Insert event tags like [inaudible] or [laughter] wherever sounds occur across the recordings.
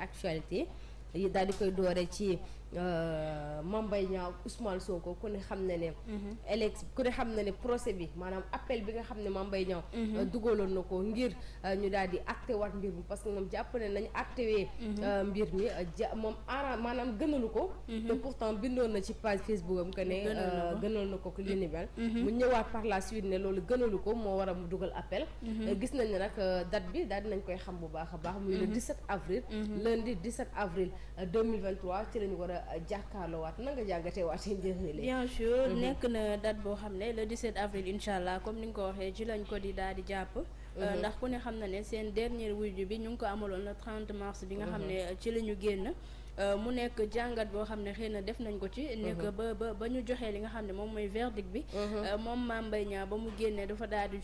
actualité daal di koy doore ci Euh, Mame Mbaye Niang Ousmane Sonko ku ne xam ne ne mhm. élection ku ne xam ne ne procès bi maanaam appel bi nga xam ne Mame Mbaye Niang mhm. euh, dugaloon na ko ngir euh, ñu daal di acté waat mbir mi parce que moom jàpp ne nañ actéwee mhm. mbir mi ja moom arrang maanaam gënalu ko te pourtant bindoon na ci page Facebook am que ne gënal na ko li ni mel mu ñëwaat par la suite ne loolu gënalu ko moo war a mu dugal appel gis nañ ne nag date bi daal dinañ koy xam bu baax a baax muy le 17 avril lundi 17 a jàkkaarloo waat na nga jàngatee waatee njëriñ li. bien sûr mhm. nekk na date boo xam ne le 17 avril incha allah comme ni nga ko waxee ci lañ ko di daal di jàpp. Euh, mhm. ndax ku ne xam na ne seen dernier wuyu bi ñu ngi ko amaloon le trente mars. bi nga xam ne mhm. ci la ñu génn. Euh, mu nekk jàngat boo xam ne xëy na def nañ ko ci. nekk ba ba ba ñu joxee li nga xam ne moom mooy verdict bi. Euh, moom Mame Mbaye Niang ba mu génnee dafa daal di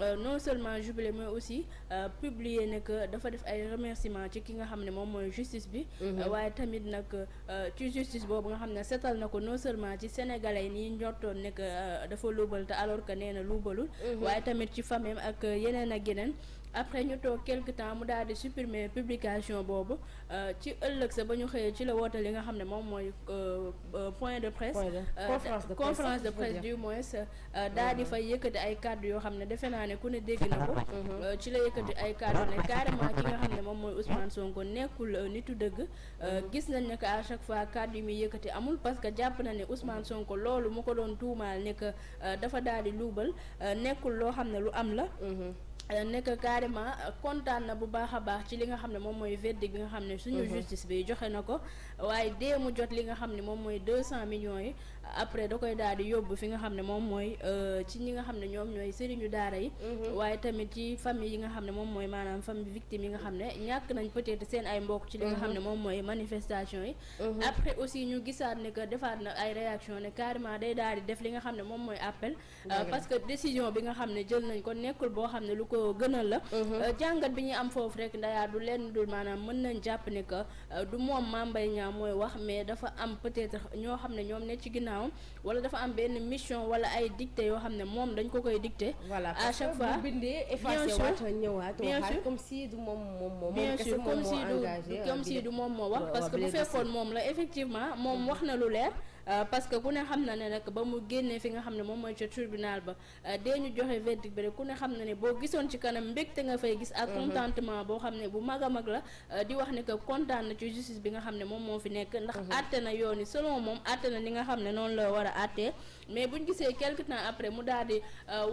Euh, non seulement jubilé mais aussi euh, publier ne dafa def ay remerciements ci ki nga xam ne moom mooy justice bi. Mhm. Euh, waaye tamit nag ci justice boobu nga xam ne seetal na ko non seulement ci sénégalais yi njortoon ne dafa luubal te alors que nee na luubalul. Mhm. waaye tamit ci famille ak yeneen ak yeneen. après ñu toog quelque temps mu daal di supprimer publication boobu euh, ci ëllëg sa ba ñu xëyee ci la woote li nga xam ne moom mooy euh, euh, point de presse conférence de presse du moins daal di fay yëkkati ay kàddu yoo xam ne defe naa ne ku ne dégg na ko mhm. ci la yëkkati ay kàddu ne carrément ki nga xam ne moom mooy Ousmane Sonko nekkul nitu dëgg mhm. gis nañ ne que à chaque fois kàddu yi muy yëkkati amul parce que jàpp na ne Ousmane Sonko loolu mu ko doon tuumaal ne que dafa daal di luubal nekkul loo xam ne lu am la mhm. nekk carrément kontaan na bu baax a baax ci li nga xam ne moom mooy verdict bi nga xam ne suñu mhm. justice bi joxe na ko waaye dee jot li nga xam ne moom mooy deux cent millions yi après da koy daal di yóbbu fi nga xam ne moom mooy euh, ci ñi nga xam ne ñoom ñooy sëriñu daara yi mm-hmm. waaye tamit ci famille yi nga xam ne moom mooy maanaam famille victime nga xam ne ñàkk nañ peut seen ay mbokk ci li nga xam ne mm-hmm. moom mooy manifestation yi mm-hmm. après aussi ñu gisaat ne que defaat na ay réaction ne carrément day daal di def li nga xam ne moom mooy appel euh, parce que décision bi nga xam ne jël nañ ko nekkul boo xam ne lu ko gënal la euh, jàngat bi ñuy am foofu rek ndayaa du leen dul maanaam mën nañ jàpp ne que du moom Mame Mbaye Niang mooy wax mais dafa am peut-être ñoo xam ne ñoom ne ci ginnaawam wala dafa am benn mission wala ay dictée yoo xam ne moom dañ ko koy dicté voilà à chaque fois bu bindee effacé waat comme si du moo bien sûr comme si du comme si du ah, moom moo wax parce que bu fekkoon moom la effectivement moom mm-hmm. wax na lu leer Euh, parce que ku ne xam na ne rek ba mu génnee fi nga xam ne moom mooy ca tribunal ba euh, dee ñu joxe verdict bi rek ku ne xam na ne boo gisoon ci kanam mbégte nga fay gis ak mhm. contentement boo xam ne bu mag a mag la euh, di wax ne que kontaan na ci justice bi nga xam ne moom moo fi nekk ndax mhm. àtte na yoon yi selon moom àtte na li nga xam ne noonu la war a àttee mais buñ gisee quelque temps après mu daal di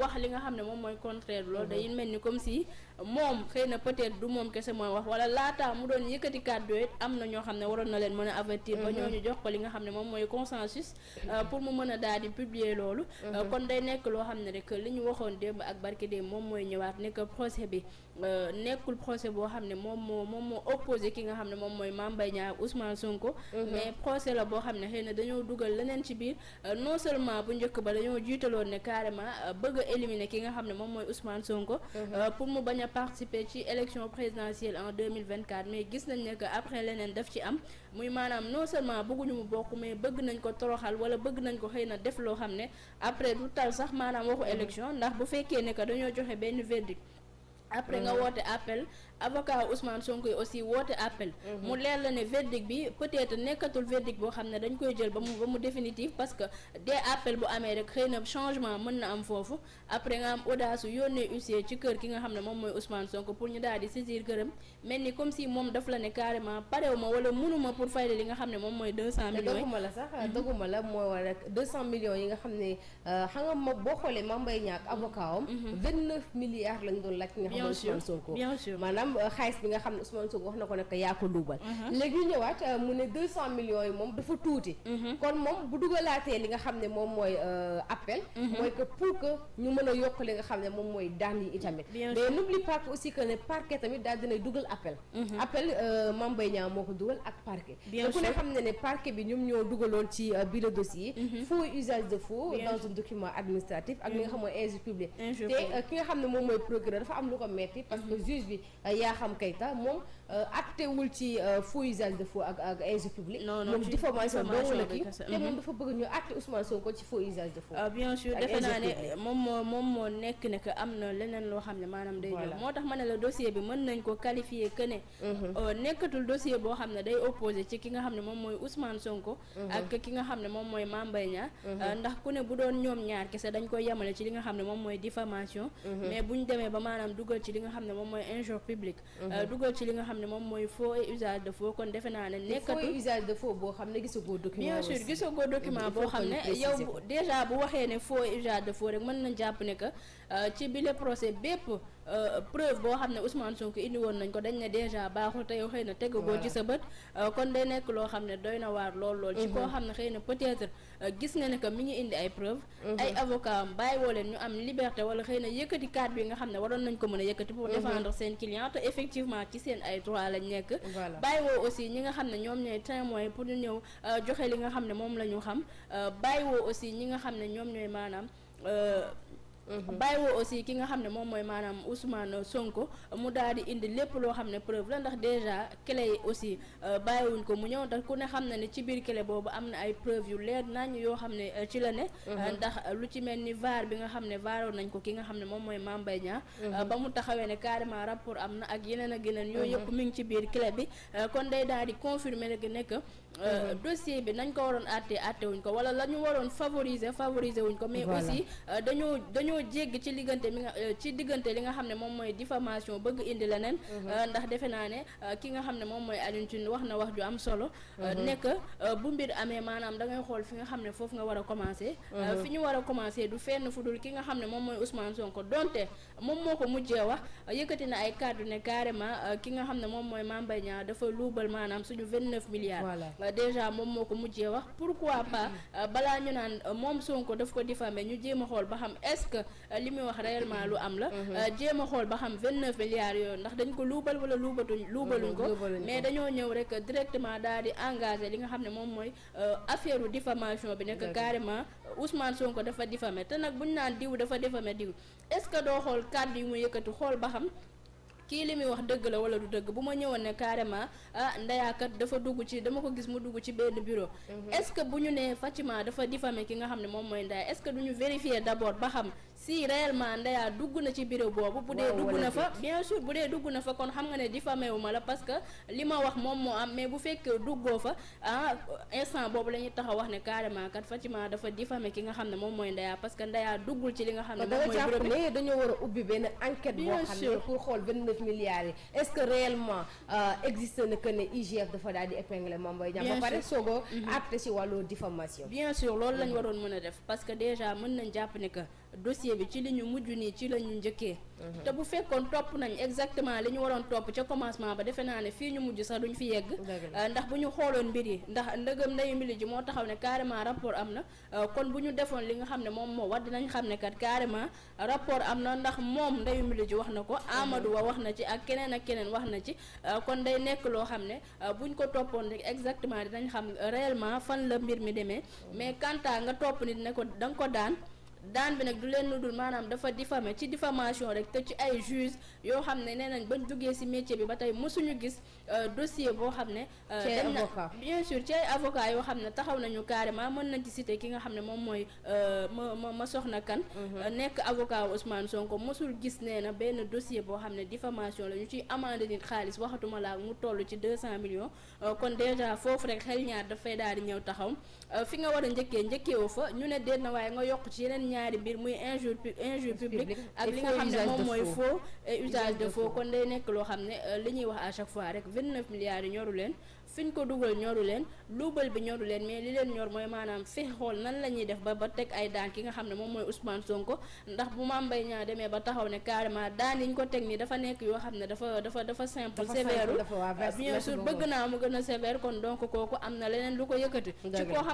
wax li nga xam ne moom mooy contraire loolu mhm. day mel ni comme si moom xëy na peut du moom kese mooy wax wala laata mu doon yëkkati kàddu am na ñoo xam ne waroon na leen mën a avertir ba mhm. ñooñu jox ko li nga xam ne moom mooy consensus euh, mhm. pour mu mën a daal di publier loolu euh, mhm. kon day nekk loo xam ne rek li ñu waxoon démb ak barki démb moom mooy ñëwaat nekk procès bi euh, nekkul procès boo xam ne moom moo moom moo opposé ki nga xam ne moom mooy Mame Mbaye Niang ak Ousmane Sonko mais procès la boo xam ne xëy na dañoo dugal leneen ci biir non seulement bu njëkk ba dañoo jiitaloon ne carrément bëgg a ki nga xam ne moom mooy Ousmane Sonko pour mu bañ a participé ci élection présidentielle en 2024 mais gis nañ ne que après leneen daf ci am muy maanaam non seulement bëgguñu mu bokk mais bëgg nañ ko toroxal wala bëgg nañ ko xëy na def loo xam ne après du tal sax maanaam waxu mhm. élection ndax bu fekkee ne que dañoo joxe benn verdict après nga mhm. woote appel avocat Ousmane Sonko yi aussi woote appel mhm. mu leer la ne verdict bi peut-être nekkatul verdict boo xam ne dañ koy jël ba mu ba mu définitif parce que dès appel bu amee rek xëy na changement mën na am foofu après nga am audace yónnee huissier ci kër ki nga xam ne moom mooy Ousmane Sonko pour ñu daal di saisir këram mel ni comme si moom daf la ne carrément parew ma wala mënuma pour fayda li nga xam ne moom mooy deux cent millions dëgguma la sax mhm. dëgguma la mooy war rek deux cent yi nga xam ne euh, xam nga ma boo xoolee Mame Mbaye Niang avocat am mhm. vingt neuf milliards lañ doon laaj ki nga xam maanaam euh, xaalis bi nga xam ne Ousmane Sonko wax na ko ne yaa ko luubal mhm. léegi ñëwaat euh, mu ne deux yi moom dafa tuuti mhm. kon moom bu dugalaatee li nga xam ne moom mooy euh, appel mhm. mooy que pour que ñu a yokk li nga xam ne moom mooy daan yi itamit mais n'oublie pas que aussi que ne parquet tamit daal dinay dugal appel appel Mame Mbaye moo ko dugal ak parquet te ku ne xam ne ne bi ñoom ñoo dugaloon ci bureau dossier faux usage de faux dans un document administratif ak li nga xam mooy injure publique te ki nga xam ne moom mooy procureur dafa am xam Yaxam ta moom Euh, attewul ci usage euh, de faux ak ak injure publique. non non ci mhm. dafa bëgg ñu atte Ousmane Sonko ah, defe naa ne moom moo moom moo nekk ne que am na leneen loo xam ne maanaam day ñëw moo tax ma ne la dossier bi mën nañ ko qualifier que ne. Mhm. Euh, nekkatul dossier boo xam ne day opposé ci ki nga xam ne moom mooy Ousmane Sonko. Mhm. ak ki nga xam ne moom mooy Mame Mbaye Niang ndax ku ne bu doon ñoom ñaar kese dañ koy yemale ci li nga xam ne moom mooy diffamation. mais bu ñu demee ba maanaam dugal ci li nga xam ne moom mooy injure publique. dugal ci li nga xam xam ne moom mooy faux et usage de faux kon defe naa ne. nekkatu faux et usage de faux boo xam ne gisagoo document. bien sûr gisagoo document boo xam ne yow déjà bu waxee ne faux et usage de faux rek na jàpp ne que euh, ci bile procès bépp. Euh, preuve boo xam ne Ousmane Sonko indi woon nañ ko dañ ne déjà baaxul te yow xëy na tegagoo ci sa bët euh, kon de nekk loo xam ne doy na waar lool lool ci koo mhm. xam ne xëy na peut euh, gis nga ne que mi ngi indi ay preuve mhm. ay avocat am bàyyi woo leen ñu am liberté wala xëy na yëkkati kàddu yi nga xam ne waroon nañ ko mën a yëkkati pour mhm. défendre seen client te effectivement ci seen ay droit lañ nekk bàyyi woo aussi ñi nga xam ne ñoom ñooy mois pour ñu ñëw joxe li nga xam ne moom la ñu xam bàyyi woo aussi ñi nga xam ne ñoom ñooy maanaam Mm-hmm. bàyyiwoo aussi ki nga xam ne moom mooy maanaam Ousmane Sonko mu daal di indi lépp loo xam ne preuve la ndax déjà clé yi aussi euh, bàyyiwuñ ko mu ñëw ndax ku ne xam na ne ci biir clé boobu am na ay preuve yu leer nañ yoo xam ne euh, ci la ne mm-hmm. euh, ndax lu ci mel ni vaar bi nga xam ne vaaroon nañ ko ki nga xam ne moom mooy Mame Mbaye Niang mm-hmm. ba mu taxawee ne carrément rapport am na ak yeneen ak yeneen yooyu yëpp mi ngi ci biir clé bi kon dey daal di confirmer rek gi nekk Euh, dossier bi nañ ko waroon àtte àtte ko wala la ñu waroon favoriser favoriser wuñ ko. mais aussi euh, dañoo dañoo jégg ci liggante mi nga euh, ci diggante li nga xam ne moom mooy diffamation bëgg indi leneen. Mhm. ndax defe ne ki nga xam ne moom mooy Alioune Tine wax na wax ju am solo. Mhm. nekk bu mbir amee maanaam da ngay xool fi nga xam ne foofu nga war a commencer. Mhm. fi ñu war a commencer du fenn fu dul ki nga xam ne moom mooy Ousmane Sonko donte moom moo ko mujjee wax yëkkati na ay kàddu ne carrément ki nga xam ne moom mooy Mame Mbaye Niang dafa luubal maanaam suñu 29 milliards. Euh, déjà moom moo ko mujjee wax pourquoi pas euh, balaa ñu naan euh, moom Sonko daf ko diffamé ñu jéem a xool ba xam est-ce que li muy wax réellement lu am la mhm. jéem a xool ba xam vingt-neuf milliards yooyu ndax dañ ko luubal wala luubatuñ luubaluñ ko mais dañoo ñëw rek directement daal di engagé li nga xam ne moom mooy affaire diffamation bi nekk carrément Ousmane Sonko dafa diffamé te nag buñ naan diw dafa diffamé diw est-ce que doo xool kàddu yi mu yëkkati xool ba xam kii li muy wax dëgg la wala du dëgg bu ma ñëwoon ne carrément ah ndeyaakat dafa dugg ci dama ko gis mu dugg ci benn bureau. Mhm. est-ce que bu ñu nee Fatima dafa diffamé ki nga xam ne moom mooy Ndaya est-ce que du ñu vérifier d'abord ba xam si réellement ndeyaa dugg na ci bureau boobu bu dee dugg na fa bien sûr bu dee dugg na fa kon xam nga ne diffamé wu ma la parce que li ma wax moom moo am mais bu fekkee duggoo fa ah instant boobu la ñuy taxaw wax ne carrément kat Fatima dafa diffamé ki nga xam ne moom mooy ndeyaa parce que ndeyaa duggul ci li nga xam ne moom mooy bureau bi dañoo war a ubbi benn enquête boo xam ne pour xool 29 milliards yi est-ce que réellement euh, existe na que ne IGF dafa daal di épingler Mame Mbaye Niang ba pare soogoo àtte mhm. ci wàllu diffamation bien loolu lañ mhm. waroon mën a def parce que déjà mën nañ jàpp ne que dossier bi ci li ñu mujj nii ci la ñu njëkkee. Mhm. te bu fekkoon topp nañ exactement li ñu waroon topp ca commencement ba defe naa ne fii ñu mujj sax duñ fi yegg. Euh, ndax bu ñu xooloon mbir yi ndax ndëgëm ndeyu mbili ji moo taxaw ne carrément rapport am na euh, kon bu ñu defoon li nga xam ne moom moo war dinañ xam ne kat carrément rapport am na ndax moom ndeyu mbili ji wax na ko. Mhm. Amadou Wa wax na ci ak keneen ak keneen wax na ci euh, kon day nekk loo xam ne buñ ko toppoon rek exactement dinañ xam réellement fan la mbir mi demee mhm. mais quant nga topp nit ne ko da nga ko daan. daan bi nag du leen lu dul maanaam dafa diffamé ci diffamation rek te ci ay juge yoo xam ne nee nañ bañ duggee si métier bi ba tey mosuñu gis euh, dossier boo xam ne euh, dem na bien sûr ci yoo xam ne taxaw nañu carrément mën nañ ci citer ki nga xam ne moom mooy euh, ma ma ma soxna kan mhm. nekk avocat Ousmane Sonko mosul gis nee na benn dossier boo xam ne diffamation la ñu ciy amandé nit xaalis waxatuma laa mu toll ci deux cent millions kon déjà foofu rek xel ñaar dafay daal di ñëw taxaw Euh, fi nga war a njëkkee njëkkeewu fa ñu ne déet na waaye nga yokk ci yeneen ñaari mbir muy injure injure publique ak li nga xam ne moom mooy faux et kon day nekk loo xam ne euh, li ñuy wax à chaque fois rek vingt neuf ñoru leen fi ko dugal ñoru leen luubal bi ñoru leen mais li leen ñor mooy maanaam fexe xool nan la ñuy def ba ba teg ay daan ki nga xam ne moom mooy Ousmane Sonko ndax bu Mame Mbaye Niang demee ba taxaw ne carrément daan yi ñu ko teg nii dafa nekk yoo xam ne dafa dafa dafa simple sévère bien sûr bëgg naa mu gën a sévère kon donc kooku am na leneen lu ko yëkkati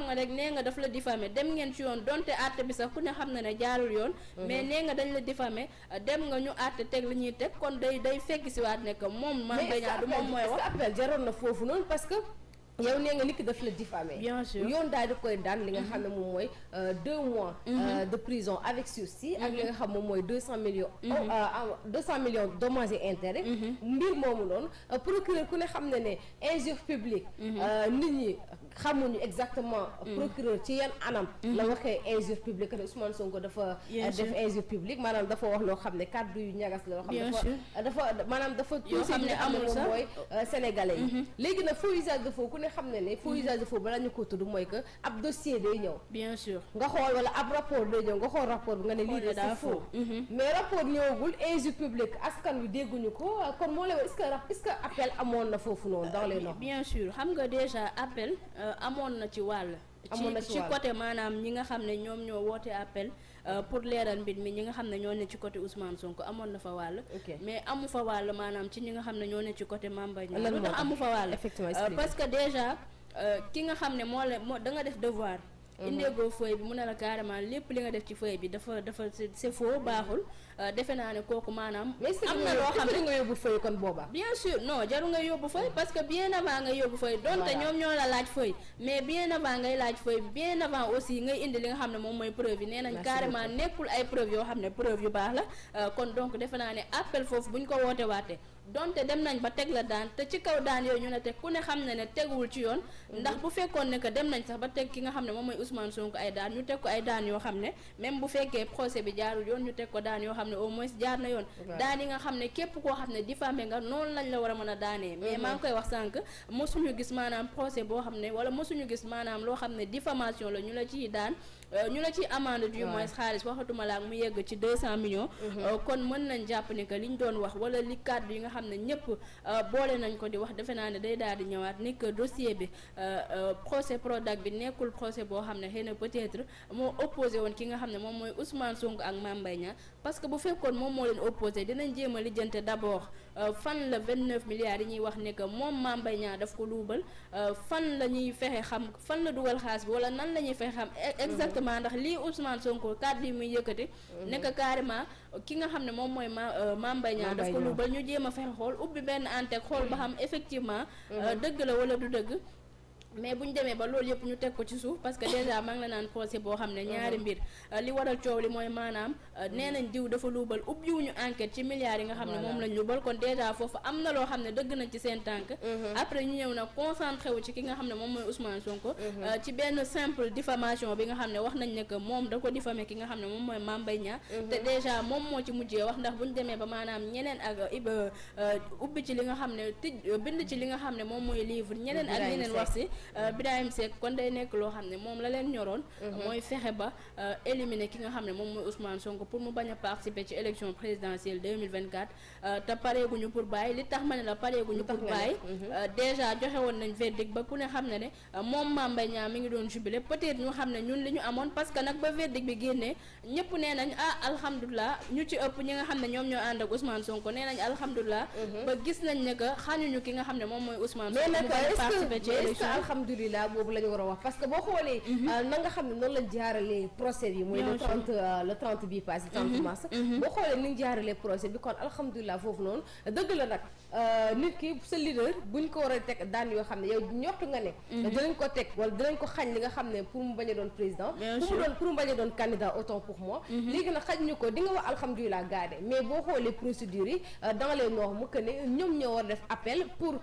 xam nga rek nee nga daf la diffamé dem ngeen ci yoon donte àtte bi sax ku ne xam na ne jaarul yoon mhm. mais nee nga dañ la diffamé dem nga ñu àtte teg li ñuy teg kon day day fekk si waat ne que moom man dañaa du moom mooy wax appel jaroon na foofu noonu parce que yow nee nga ki daf la diffamé yoon daal di koy daan li nga mhm. xam ne moom mooy euh, deux mois mhm. euh, de prison avec si ak li nga xam moom mooy deux cent millions oh, euh, deux cent millions dommages et intérêts mbir moomu noonu procureur ku ne xam ne ne injure publique xamuñu exactement. Mm. procureur ci yan anam. Mm-hmm. la waxee injure publique ne Ousmane Sonko dafa. Euh, def injure publique maanaam dafa wax loo xam ne kàddu yu ñagas la. yoo xam ne dafa dafa maanaam dafa. yoo xam ne amul sax mooy euh, mm-hmm. léegi nag faux usage de faux ku ne xam ne ne faux mm-hmm. usage de faux ko mooy que ab dossier day ñëw. bien sûr nga xool wala ab rapport day ñëw nga xool rapport bi nga ne lii de c'est faux. mais rapport ñëwagul injure publique askan wi dégguñu ko kon moo lay wax est-ce que est-ce que appel amoon na foofu noonu dans les euh, normes. bien sûr xam nga déjà appel. amoon na ci wàll. amoon na ci wàll ci côté maanaam ñi nga xam ne ñoom ñoo woote appel euh, pour leeral mbir mi ñi nga xam ne ñoo ne ci côté Ousmane Sonko amoon na fa wàll. mais amu fa wàll maanaam ci ñi nga xam ne ñoo ne ci côté Mame Mbaye Niang. lan moo tax amu fa wàll. effectivement euh, parce que déjà euh, ki nga xam ne moo la moo da nga def devoir. indeegoo feuille bi mu ne la carrément lépp li nga def ci feuille bi dafa dafa c'est faux baaxul euh, defe naa ne kooku maanaam am na loo xam ne nga kon booba bien sûr non jaru nga yóbbu feuille parce que bien avant nga yóbbu feuille donte ñoom ñoo la laaj feuille mais bien avant ngay laaj feuille bien avant aussi ngay indi li nga xam ne moom mooy preuve yi nee nañ carrément nekkul ay preuve yoo xam ne preuve yu baax la euh, kon donc defe naa ne appel foofu bu ñu ko woote waatee donte dem nañ ba teg la daan te ci kaw daan yooyu ñu ne teg ku ne xam ne ne teguwul ci yoon ndax bu fekkoon ne que dem nañ sax ba teg ki nga xam ne moom mooy Ousmane Sonko ay daan ñu teg ko ay daan yoo xam ne même bu fekkee procès bi jaarul yoon ñu teg ko daan yoo xam ne au moins jaar na yoon daan yi nga xam ne képp koo xam ne diffamé nga noonu lañ la war a mën a daanee mais uh-huh. maa ngi koy wax sànq mosuñu gis maanaam procès boo xam ne wala mosuñu gis maanaam loo xam ne diffamation la ñu la ciy daan Euh, ñu la ci amende du moins xaalis waxatuma laa ak mu yegg ci deux cent millions mm-hmm. euh, kon mën nañ jàpp ni que ñu doon wax wala li kàddu yi nga xam ne ñëpp euh, boole nañ ko di wax defe naa ne day daal di ñëwaat ni que dossier bi procès Prodac bi nekkul procès boo xam ne xëy na peut moo opposé woon ki nga xam ne moom mooy Ousmane Sonko ak Mame Mbaye Niang parce que bu fekkoon moom moo leen opposé dinañ jéem a lijjante d'abord fan la vingt-neuf milliards yi ñuy wax ne que moom Mame Mbaye Niang daf ko fan la ñuy fexe xam fan la dugal xaalis wala nan la ñuy fexe xam e-, exactement exactement ndax lii Ousmane Sonko kàddu yi muy yëkkati. Euh, nekk carrément ki nga xam ne moom mooy ma euh, Mame daf ko lu ba ñu jéem a fexe xool ubbi benn enquête xool ba mm. xam effectivement mm. euh, dëgg la wala du dëgg mais bu ñu demee ba loolu yëpp ñu teg ko ci suuf parce que déjà maa ngi naan procès boo xam ne ñaari uh-huh. mbir uh, li waral coow li mooy maanaam uh, nee nañ diw dafa luubal ubbiwuñu enquête ci milliards yi nga xam ne moom lañ luubal kon déjà foofu am na loo xam ne dëgg nañ ci seen tànk uh-huh. après ñu ñëw nag concentré ci ki nga xam ne moom mooy Ousmane Sonko uh, uh-huh. ci benn simple diffamation bi nga xam ne wax nañ ne que moom da ko diffamé ki nga xam ne moom mooy Mame Mbaye Niang te déjà moom moo ci mujjee wax ndax bu ñu demee ba maanaam ñeneen ak ubbi ci li nga xam ne tij bind ci li nga xam ne moom mooy livre ñeneen ak ñeneen wax si Euh, Birahim Seck kon day nekk loo xam ne moom la leen ñoroon mhm. mooy fexe ba euh, éliminer ki nga xam ne moom mooy Ousmane Sonko pour mu bañ a participer ci élection présidentielle 2024 euh, te pareeguñu pour bàyyi li tax ma ne la pareeguñu pour bàyyi mhm. déjà joxe woon nañ verdict ba ku ne xam ne ne moom Mame Mbaye Niang mi ngi doon jubilé peut-être xam ne ñun li ñu amoon parce que nag ba verdict bi génnee ñëpp nee nañ ah alhamdulilah ñu ci ëpp ñi nga xam ne ñoom ñoo ànd ak Ousmane Sonko nee nañ alhamdulilah mhm. ba gis nañ ne que xañuñu ki nga xam ne moom mooy Ousmane Sonko boobu la ñu a wax parce que boo xoolee. Mhm. Euh, na nga xam ne noonu lañ jaaralee procès bi. mooy le 30 euh, le 30 bii passé 30 mhm. mhm. boo xoolee ni ñu jaaralee bi kon alhamdulilah foofu noonu dëgg la nag euh, nit ki sa leader buñ ko war a teg daan yoo xam ne li nga xam ne pour mu bañ a doon président. pour mu doon pour mu bañ a doon candidat autant pour moi. léegi nag xañ ñu ko di wax alhamdulilah gaade mais boo xoolee procédure yi dans les normes que ne ñoom ñoo war def appel pour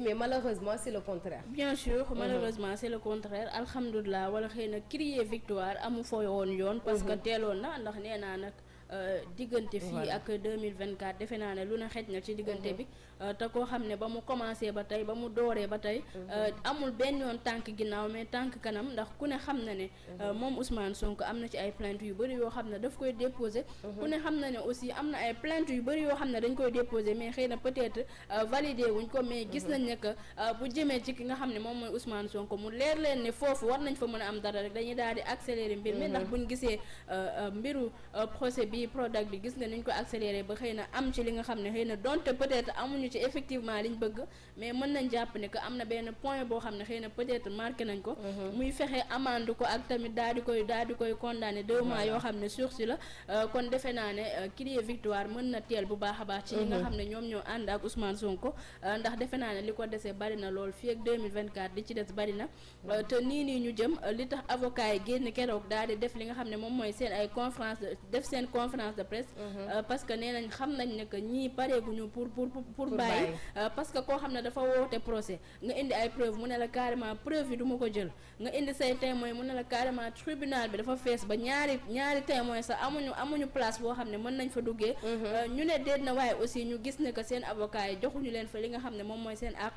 ni malheureusement c'est le contraire. bien sûr mhm. malheureusement c'est le contraire alhamdulilah wala xëy na crier victoire amu fooy woon yoon. parce que mhm. teeloon na ndax nee naa nag euh, diggante fii ak mille vingt 2024 defe naa ne lu na xej na ci diggante mhm. bi. Euh, te koo xam ne ba mu commencé ba tey ba mu dooree ba tey mhm. euh, amul benn yoon tànk ginnaaw mais tànk kanam ndax ku ne xam na ne mhm. euh, moom Ousmane Sonko am na ci ay plainte yu bëri yoo xam ne daf koy déposé mhm. ku ne xam na ne aussi am na ay plainte yu bëri yoo xam ne dañ koy déposé mais xëy na peut-être validé wuñ mais gis nañ ne que bu jëmee ci ki nga xam ne moom mooy Ousmane Sonko mu leer leen ne foofu war nañ fa mën a am dara rek dañuy daal di accélérer mbir mi ndax ñu gisee mbiru procès bi Prodac bi gis nga niñ ko accéléré ba xëy na am ci li nga xam ne xëy na donte peut amuñu ci effectivement liñ bëgg mais mën nañ jàpp ne que am na benn point boo xam ne xëy na peut nañ ko mhm. muy fexe amende ko ak tamit daal di koy daal di koy condamné deux mois yoo xam ne sursis la euh, kon defe naa ne euh, crier victoire mën bu baax a baax ci ñi nga mhm. xam ne ñoom ñoo ànd ak Ousmane Sonko euh, ndax defe naa ne li ko desee bari na lool fii ak 2024 li ci des bari na te nii nii ñu jëm li tax avocat yi génn keroog daal di def li nga xam ne moom mooy seen ay conférence def seen conférence de presse mhm. parce que nee nañ xam nañ ne ñii pareeguñu bàyyi euh, parce que koo xam ne dafa woote procès nga indi ay preuve mu ne la carrément preuve yi du ko jël nga indi say témoin mu ne la carrément tribunal bi dafa fees ba ñaari ñaari témoin sax amuñu amuñu place boo xam ne mën nañ fa duggee mhm. euh, ñu ne déet na waaye aussi ñu gis ne que seen avocat yi joxuñu leen fa li nga xam ne moom mooy seen àq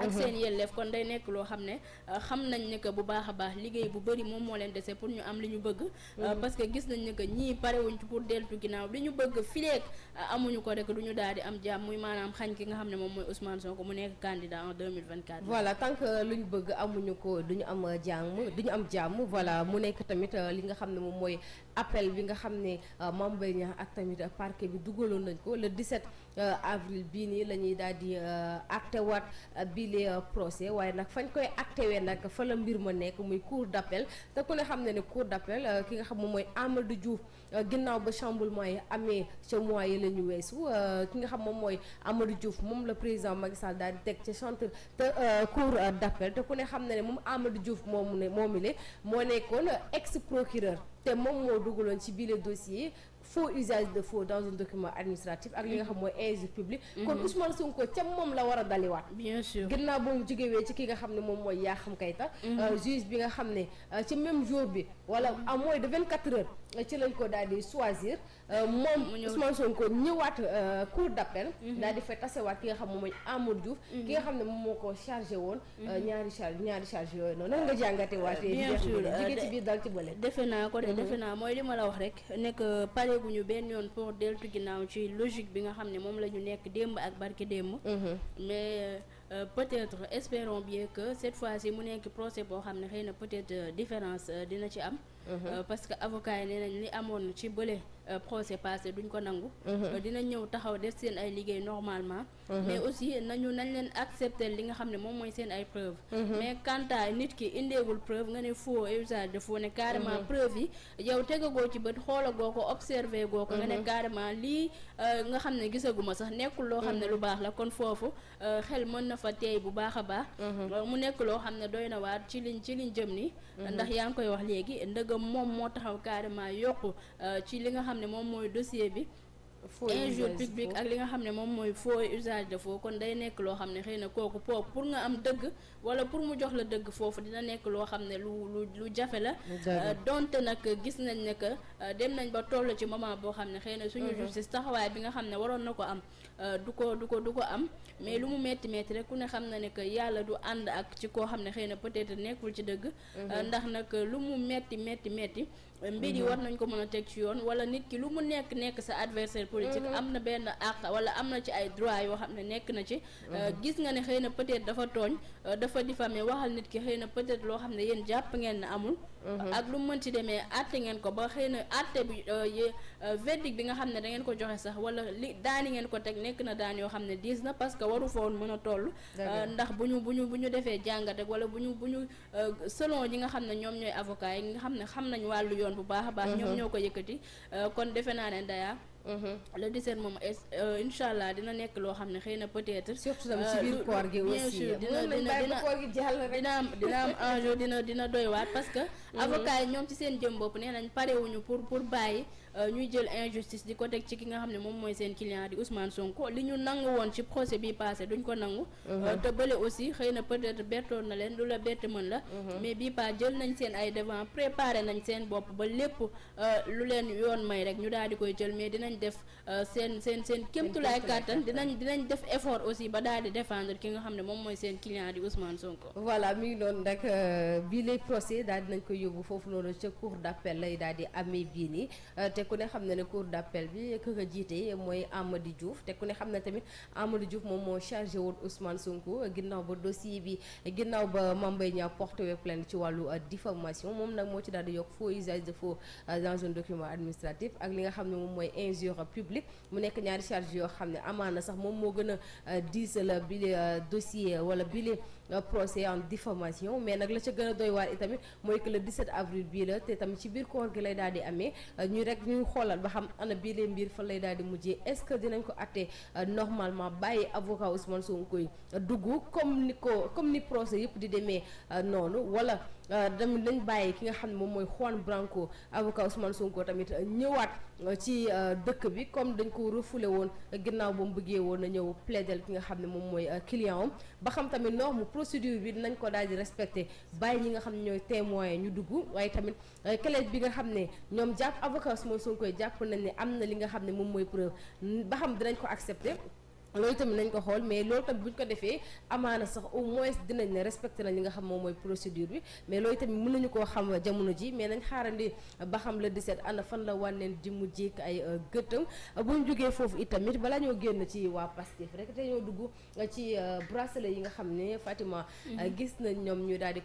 ak mhm. seen yelleef kon day nekk loo xam ne euh, xam nañ ne que bu baax a baax liggéey bu bëri moom moo leen dese pour ñu am li ñu bëgg euh, mhm. parce que gis nañ ne que ñii parewuñ ci pour deltu ginnaaw li ñu bëgg fileek euh, amuñu ko rek du ñu daal di am jàmm muy maanaam xañ ki nga xam ne moom mooy Ousmane Sonko mu nekk candidat en 2024 voilà tant que lu ñu bëgg amuñu ko duñu am jàmm duñu am jàmm voilà mu nekk tamit li nga xam ne moom mooy appel bi nga xam ne euh, Mame Mbaye ak tamit parquet bi dugaloon nañ ko le 17 euh, avril bii nii la ñuy daal di euh, actewaat bii les procès waaye nag fañ koy actewee nag fa la mbir ma nekk muy cour d'appel te ku ne xam ne ne cour d'appel ki nga xam moom mooy Amadou Diouf ginnaaw ba chamboulement yi amee ca mois yi la ñu weesu ki nga xam moom mooy Amadou Diouf moom la président Macky Sall daal di teg ca centre te cour d'appel te ku ne xam ne ne moom Amadou Diouf moomu ne moomile moo nekkoon ex procureur te moom moo dugaloon ci biir dossier faux usage de faux dans un document administratif ak li nga xam mooy injure publique mm-hmm. kon Ousmane Sonko ca moom la war a daliwaat bien sûr gannaaw boobu jógewee ci ki nga xam ne moom mooy yaa xam kay tax juge bi nga xam ne euh, ci mm-hmm. euh, di euh, moom mm-hmm. ki nga xam moom mooy Amadou Diouf ki nga xam ne moom moo ko chargé woon ñaari charge ñaari charge yooyu noonu nan nga jàngate waatee bien sûr jigéen ci biir dal ci bële defe naa ko defe naa mooy li wax rek nekk pare gu ñu benn yoon pour deltu ginnaaw ci logique bi nga xam ne moom la ñu nekk démb ak barki démb mhm. mais euh, peut-être espérons bien que cette fois-ci mu nekk procès boo xam ne xëy na peut-être euh, différence euh, dina ci am mhm. euh, parce que avocat yi nañ li amoon ci bële Euh, procès passé duñ ko nangu. Mhm. Euh, dinañ ñëw taxaw def seen ay liggéey normalement. Mhm. mais aussi nañu nañ leen accepter li nga xam ne moom mooy seen ay preuve mhm. mais quant à nit ki indeegul preuve nga ne faux et usage de faux ne carrément preuve yi yow tegagoo ci bët xoolagoo ko observé goo ko nga ne carrément lii euh, nga xam ne gisaguma sax nekkul loo xam ne lu baax la kon foofu xel mën na fa teey bu baax a baax. mu nekk loo xam ne doy na waar ci liñ ci liñ jëm ni ndax yaa ngi koy wax léegi ndëgam moom moo taxaw carrément yokku ne moom mooy dossier bi injure publique ak li nga xam ne moom mooy foo usage de faux kon day nekk loo xam ne xëy na kooku pook pour nga am dëgg wala pour mu jox la dëgg foofu dina nekk loo xam ne lu lu lu jafe la euh, donte nag gis nañ ne que euh, dem nañ ba toll ci moment boo xam ne xëy na suñu mhm. justice taxawaay bi nga xam ne waroon na ko am euh, du ko du ko du ko am mais mhm. lu mu metti metti rek ku ne xam na ne que yàlla du ànd ak ci koo xam ne xëy na peut-être nekkul ci dëgg mhm. ndax nag lu mu metti metti metti mbir yi mhm. war nañ ko mën a teg ci yoon wala nit ki lu mu nekk nekk sa adversaire politique mhm. am na benn àq wala am na ci ay droit yoo xam ne nekk na ci mhm. euh, gis nga ne xëy na peut-être dafa tooñ euh, dafa diffamé waxal nit ki xëy na peut-être loo xam ne yéen jàpp ngeen ne amul ak lu mën ci demee àtte ngeen ko ba xëy na àtte bi euh, verdict bi nga xam ne da ngeen ko joxe sax wala li daani ngeen ko teg nekk na daan yoo xam ne diis na parce que waru foon mën a toll ndax bu ñu bu ñu bu ñu defee jàngate rek wala bu ñu bu ñu selon ñi nga xam ne ñoom ñooy avocat yi nga xam ne xam nañ wàllu yoon doon bu baax a baax ñoom mhm. ñoo ko yëkkati euh, kon defe naa ne Ndaya mhm. le 17 moom euh, incha dina nekk loo xam ne xëy na peut-être surtout tamit euh, ci biir koor gi aussi dina dina dina am dina am enjeu dina dina doy waat parce que [laughs] mhm. avocat yi ñoom ci seen jëm bopp nee nañ parewuñu pour pour bàyyi ñuy jël injustice di ko teg ci ki nga xam ne moom mooy seen client di Ousmane Sonko li ñu nangu woon ci procès bi passé duñ ko nangu mhm. euh, te aussi xëy na peut-être bettoon na leen lu la bett mën mhm. mais bii pas jël nañ seen ay devant préparé nañ seen bopp ba lépp euh, lu leen yoon may rek ñu daal di koy jël mais dinañ def euh, seen seen seen kémtulaay kàttan dinañ dinañ def effort aussi ba daal di défendre ki nga xam ne moom mooy seen client di Ousmane Sonko voilà mi ngi noonu nag bii lay procès daal dinañ ko yóbbu foofu noonu ca cour d'appel lay daal di amee bii nii ku ne xam na ne cour d'appel bi ku ko jiite mooy Amady Diouf te ku ne xam na tamit Amady Diouf moom moo chargé woon Ousmane Sonko ginnaaw ba dossier bi ginnaaw ba Mame Mbaye Niang porté ci wàllu euh, diffamation moom nag moo ci daal di yokk faux usage de faux euh, dans un document administratif ak li nga xam ne moom mooy injure publique mu nekk ñaari charge yoo xam ne amaan na sax moom moo gën a euh, diisal bi dossier wala bile procès en diffamation mais nag la ca gën a doy waar itamit mooy que le 17 avril bii la te tamit ci biir koor gi lay daal di amee ñu rek ñu xoolal ba xam ana bii lee mbir fa lay daal di mujjee est-ce que dinañ ko àtte euh, normalement bàyyi avocat Ousmane Sonko koy dugg comme ni ko comme ni procès yëpp di demee euh, noonu wala tamit euh, dañ bàyyi ki nga xam ne moom mooy Juan Branco avocat Ousmane Sonko tamit euh, ñëwaat euh, ci dëkk bi comme dañ ko refoulé woon ginnaaw ba mu bëggee woon na ñëw plaidel ki nga xam ne moom mooy client am ba xam tamit norme procédure bi dinañ ko daal di respecté bàyyi ñi nga xam ne ñooy témoin ñu dugg waaye tamit clé bi nga xam ne ñoom jàpp avocat Ousmane Sonko jàpp nañ ne am na li nga xam ne moom mooy preuve ba xam dinañ ko accepté loolu tamit nañ ko xool mais loolu tamit buñ ko defee amaana sax au moins dinañ ne respecté nañ li nga xam moom mooy procédure bi mais loolu tamit mën nañu koo xam jamono ji mais nañ xaarandi ba xam le 17 ana fan la wànneen di mu jékk ay euh, gëttam bu ñu jógee foofu itamit balaa ñoo génn ci waa Pastef rek dañoo ñoo nga ci euh, bracelet yi nga xam ne Fatima mm-hmm. gis nañ ñoom ñu daal di